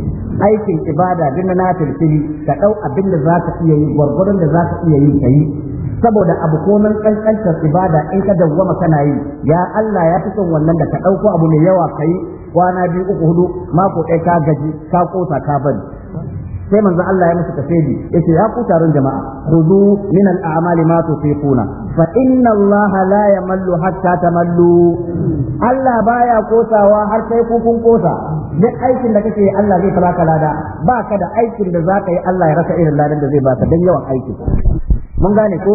aikin ibada din na filfili ka ɗau abin da za ka iya yi gwargwadon da za ka iya yi ka yi saboda abu komin ƙanƙantar ibada in ka dawwama kana yi ya Allah ya fi son wannan da ka ɗauko abu mai yawa ka yi kwana biyu uku hudu mako ɗaya ka gaji ka kosa ka bari sai manzo Allah ya musu ya yace ya ku taron jama'a khudhu min al-a'mali ma tufiquna fa inna Allah la yamallu hatta tamallu Allah baya kosawa har sai ku kun kosa duk aikin da kake Allah zai baka lada ba da aikin da zaka yi Allah ya rasa irin ladan da zai baka dan yawan aiki mun gane ko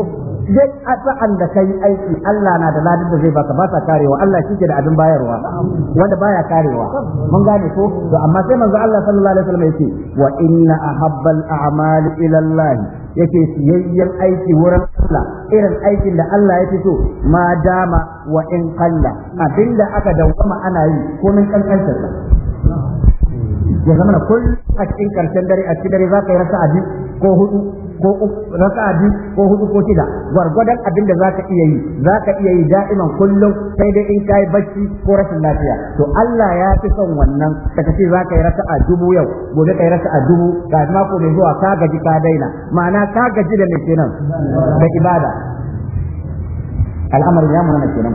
duk a sa'an da kai aiki Allah na da ladin da zai baka ba sa karewa Allah shi ke da abin bayarwa wanda baya karewa mun gane ko to amma sai manzo Allah sallallahu alaihi wasallam yake wa inna ahabbal a'mali ila Allah yake siyayyen aiki wurin Allah irin aikin da Allah ya fito ma dama wa in qalla abinda aka dawama ana yi komai kankantar ya zama kullum a cikin karshen dare a cikin dare za ka yi rasa biyu ko hudu ko raka'a bi ko hudu ko shida gwargwadon abin da zaka iya yi zaka iya yi da'iman kullum sai dai in kai bacci ko rashin lafiya to Allah ya fi son wannan ka ce zaka yi a dubu yau gobe kai a dubu ga mako mai zuwa ka gaji ka daina ma'ana ka gaji da ne kenan da ibada al'amarin ya munana kenan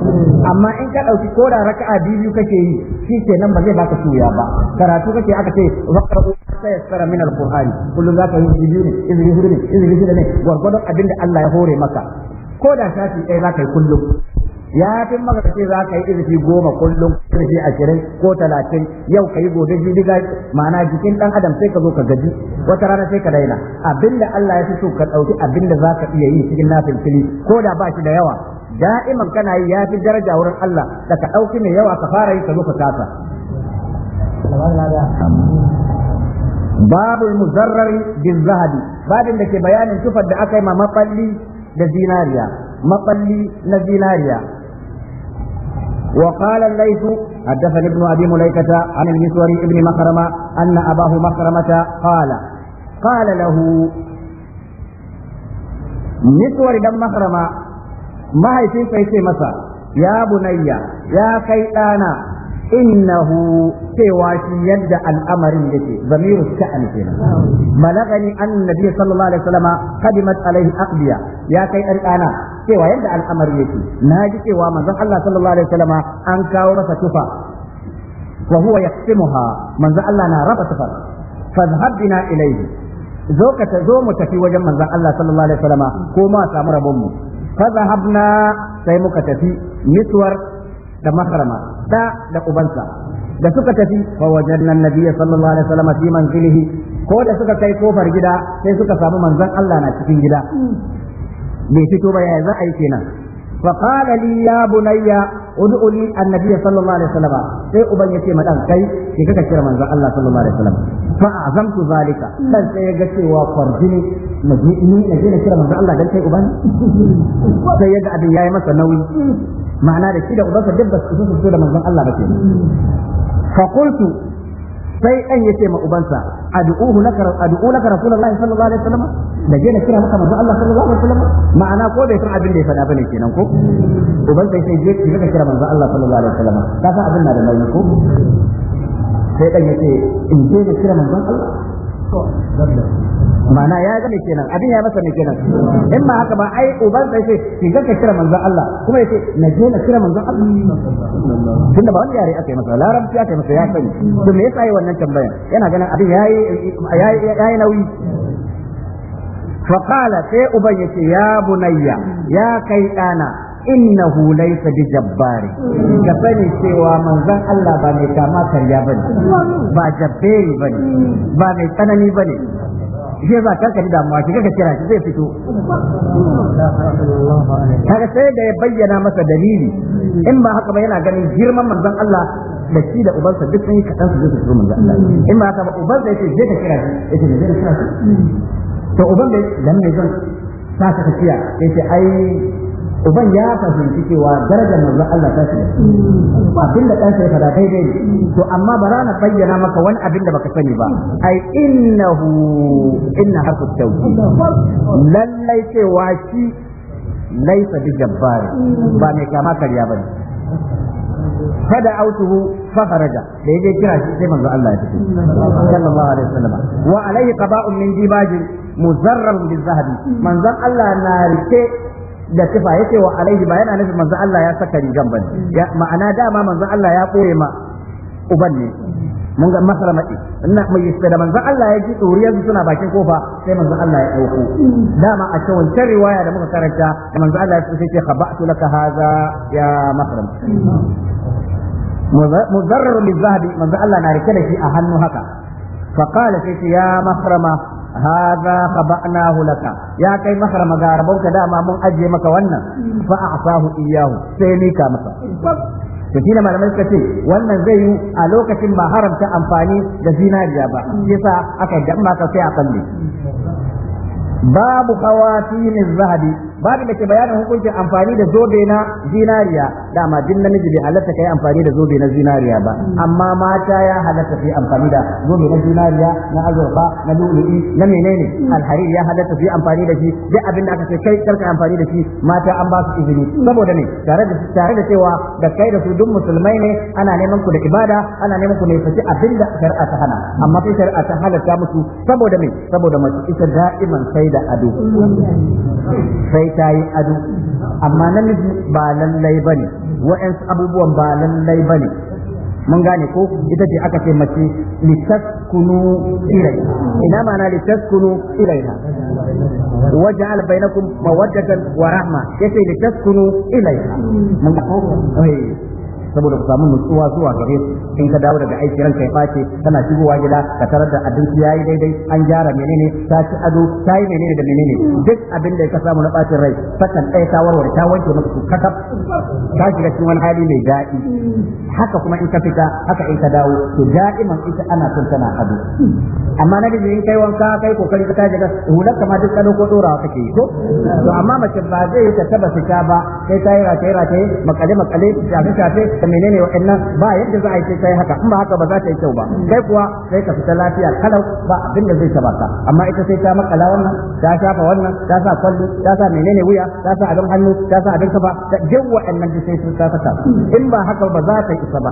amma in ka ɗauki ko da raka'a biyu kake yi shi kenan ba zai baka suya ba karatu kake aka ce waqra'u sayassara min al-qur'ani kullum zaka yi biyu ne izini hudu ne izini hudu ne abinda Allah ya hore maka ko da shafi ɗaya zaka yi kullum ya fi maka kace za ka yi irfi goma kullum irfi ashirin ko talatin yau ka yi gobe diga ma'ana jikin dan adam sai ka zo ka gaji wata rana sai ka daina abinda Allah ya fi so ka ɗauki abinda za ka iya yi cikin fili, ko da ba shi da yawa da'iman kana yi ya fi daraja wurin Allah da ka ɗauki mai yawa ka fara yi ka zo ka kasa babul muzarrari bin zahabi babin da ke bayanin tufar da aka yi ma maɓalli da zinariya maballi na zinariya وقال الليث حدثني ابن ابي مليكه عن المسوري ابن مخرمه ان اباه مخرمه قال قال له مسور دم مخرمه mahaifinsa yake masa ya bunayya ya kai ɗana innahu cewa shi yadda al'amarin yake zamiru sha'an kenan malagani annabi sallallahu alaihi wasallam qadimat alaihi aqbiya ya kai ɗan ɗana cewa yadda al'amari yake na ji cewa manzon Allah sallallahu alaihi wasallam an kawo masa tufa wa huwa yaqsimuha manzon Allah na raba tufa fadhhab bina ilayhi zo ka zo mu tafi wajen manzon Allah sallallahu alaihi wasallam ko ma samu rabon mu فذهبنا sai muka tafi miswar da makarama da da ubansa da suka tafi fa wajanna nabiyya sallallahu alaihi wasallam fi manzilihi ko da suka kai kofar gida sai suka samu manzon Allah na cikin gida Me fito ba ya za a yi kenan fa qala li ya bunayya ud'u li an sallallahu alaihi wasallam sai uban yace ma kai ki ka kira manzo Allah sallallahu alaihi wasallam fa azamtu zalika dan sai ya ga cewa farjini naji ni je na kira manzo Allah dan kai uban sai ya ga abin yayi masa nauyi ma'ana da shi da ubansa dabba su su da manzon Allah ba ke fa qultu sai an yace ma ubansa ad'uhu laka ad'u laka rasulullahi sallallahu alaihi wasallam da je na kira maka manzo Allah sallallahu alaihi wasallam ma'ana ko bai san abin da ya faɗa bane kenan ko uban sai sai je ki kira manzo Allah sallallahu alaihi wasallam ka san abin na da nauyi ko sai dan yace in ce da kira manzon Allah mana ya ga me kenan abin ya masa me kenan in ma haka ba ai uban sai ce ki ga ka kira manzon Allah kuma yace na je na kira manzon Allah tunda ba wani yare aka yi masa larabci aka yi masa ya sani to me yasa yi wannan tambayan yana ganin abin yayi yayi nauyi فقال سي أبي يا بني يا كيتانا innahu laysa bi jabbari ka sani cewa manzon Allah ba mai kama karya bane ba jabbari bane ba mai tsanani bane shi za ka ji damuwa shi kaka kira shi zai fito kaga sai da ya bayyana masa dalili in ba haka ba yana ganin girman manzon Allah da shi da ubansa duk sun yi kaɗan su zai fito manzon Allah in ba haka ba ubansa yace zai ka kira shi yace zai kira shi to uban da dan mai zan sa ka tafiya yace ai uban ya fahimci cewa darajar manzo Allah ta Abin da ɗansa ya fada daidai ne to amma ba na bayyana maka wani abin da baka sani ba ai innahu inna harfu tawki lallai cewa shi laisa bi jabbar ba mai kama karya bane fada autuhu fa faraja da yaje kira shi sai manzo Allah ya fito sallallahu alaihi wasallam wa alaihi qaba'un min dibajin muzarram bizahabi manzon Allah na rike da tufa yace wa alaihi ba yana nufin manzo Allah ya saka rigan bane ma'ana dama manzo Allah ya koye ma uban ne mun ga masara maɗi ina mai da manzon Allah ya ji tsoriyar suna bakin kofa sai manzon Allah ya dauko dama a cikin wancan riwaya da muka karanta da manzon Allah ya ce sai khaba'tu laka hadha ya masara muzarrar min zahabi manzon Allah na rike da shi a hannu haka fa qala sai ya masrama hadha qaba'nahu laka ya kai mahrama ga ka dama mun ajiye maka wannan fa a'sahu iyyahu sai ni ka masa to malamai suka ce wannan zai yi a lokacin ba haramta amfani da zinariya ba yasa aka da maka sai a kalle babu min zahabi babu da ke bayanin hukuncin amfani da zobe na zinariya dama duk namiji bai halatta kai amfani da zobe na zinariya ba amma mata ya halatta su amfani da zobe na zinariya na azurfa na lulu'i na menene alhari ya halatta su amfani da shi duk abin da aka ce kai karka amfani da shi mata an ba su izini saboda ne tare da tare da cewa da kai da su duk musulmai ne ana neman ku da ibada ana neman ku ne faci abin da shar'a ta hana amma sai shar'a ta halatta musu saboda me saboda mace ita da'iman sai da ado sai ta yi ado amma namiji ba lallai bane wa'ansu abubuwan ba lallai ba ne mun gane ko ita ce aka ce mace kunu ilai ina ma'ana litaskunu ilaiha waj'al bainakum mawaddatan wa rahma yace litaskunu ilaiha mun ko eh. saboda ku samu nutsuwa zuwa gare su in ka dawo daga aiki ranka ya face kana shigowa gida ka tarar da abinci yayi daidai an gyara menene ta ci ado ta yi menene da menene duk abin da ka samu na bacin rai takan ɗaya ta warware ta wanke maka su kakaf ka shiga cikin wani hali mai daɗi haka kuma in ka fita haka in ka dawo to da'iman ita ana son tana ado amma na da in kai wanka kai kokari ka ta da hular kama duk kano ko dorawa kake yi ko to amma mace ba zai ta taba fita ba sai ta yi rataye rataye makale makale shafe menene waɗannan ba yadda za a yi sai haka in ba haka ba za ta yi kyau ba kai kuwa sai ka fita lafiya kalau ba abin da zai taba ka amma ita sai ta makala wannan ta shafa wannan ta sa kwallo ta sa menene wuya ta sa abin hannu ta sa abin kafa da duk waɗannan da sai sun saka in ba haka ba za ta isa ba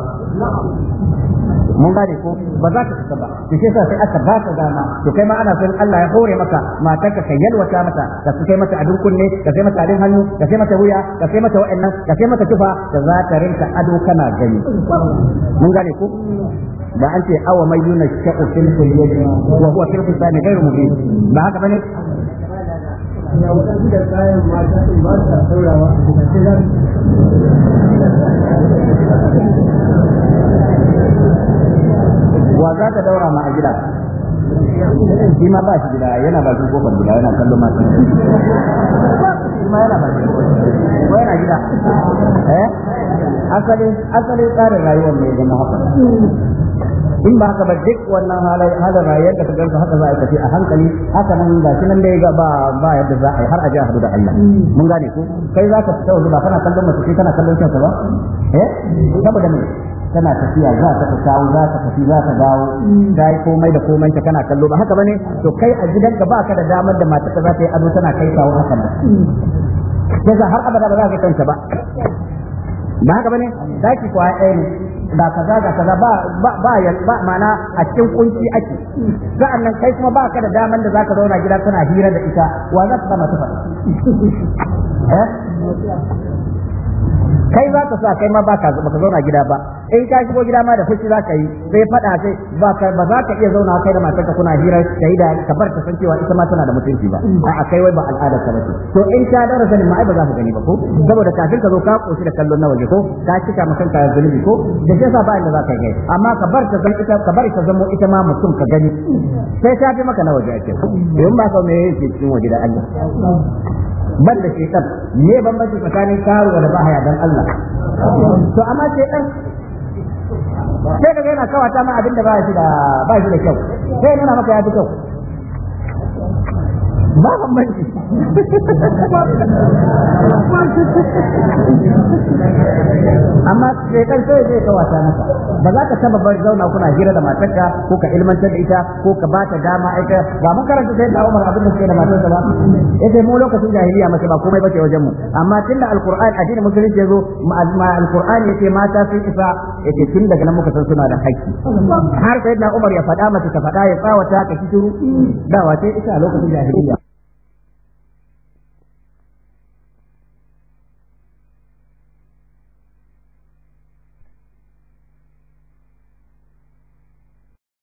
mun gane ko ba za ka fita ba to shi sai aka ba ka dama to kai ma ana son Allah ya hore maka matarka ka yalwata mata ka kai mata adun kunne ka kai mata adun hannu ka kai mata wuya ka kai mata wa'annan ka kai mata tufa ka za ta rinka ado kana gani mun gane ko ba an ce awa mai yuna shaqu fil kulli wa huwa fil qisani ghayr mubin ba haka bane
ya wadansu da kayan mata in ba su saurawa a gidajen
wa za ka daura ma a gida shi ma ba shi gida yana ba shi kofar gida yana kallon ma shi ma yana shi ko yana gida eh asalin asalin tsarin rayuwar mai zama haka in ba haka ba duk wannan halai hada rayuwar da ka ganka haka za a tafi a hankali haka nan ga shi nan dai ga ba ba yadda za a yi har a ji hadu da Allah mun gane ko kai za ka fita ba kana kallon masu kai kana kallon kanka ba eh saboda me tana tafiya za ta ta kawo za ta tafi za ta dawo ta yi komai da komai ta kana kallo ba haka bane to kai a gidanka ba ka da damar da matarka za ta yi ado tana kai kawo hakan ba yanzu har abada ba za ka kanta ba ba haka bane daki kwa ɗaya ne da kaza da kaza ba ba ya ba mana a cikin kunci ake sa'an nan kai kuma ba ka da daman da zaka zauna gida kana hira da ita wa za ka mata faɗa eh kai za ka sa kai ma baka ka zauna gida ba in ka shigo gida ma da fushi za ka yi sai fada sai ba ba za ka iya zauna kai da matarka kuna hira kai da ka bar ta san cewa ita ma tana da mutunci ba a kai wai ba al'ada ka bace to in ka darasa ne ma ai ba za ka gani ba ko saboda kafin ka zo ka koshi da kallon na waje ko ka cika ma kanka ya zulubi ko da shi sa ba inda za ka yi amma ka bar ta san ita ka bar ta zama ita ma mutum ka gani sai ta fi maka na waje ake ko in ba ka mai yin cikin waje da Allah ban da shaitan me bambanci tsakanin karuwa da bahaya dan Allah to amma ɗan sai ka yana kawata ma abin ba da ba shi da kyau sai nuna maka ya fi kyau ba bambanci amma shekar sai zai ka wasa maka ba za ka taba bar zauna kuna hira da matarka ko ka ilmantar da ita ko ka ba ta dama aika ba mun karanta sai da Umar abin da suke da matarsa ba eh mu lokacin jahiliya mace ba komai bace wajen mu amma tunda alquran addinin musulunci yazo ma alquran yake mata sun isa yake tun daga nan muka san suna da haƙƙi har sai da Umar ya faɗa mace ta faɗa ya tsawata ka shiru dawa sai isa lokacin jahiliya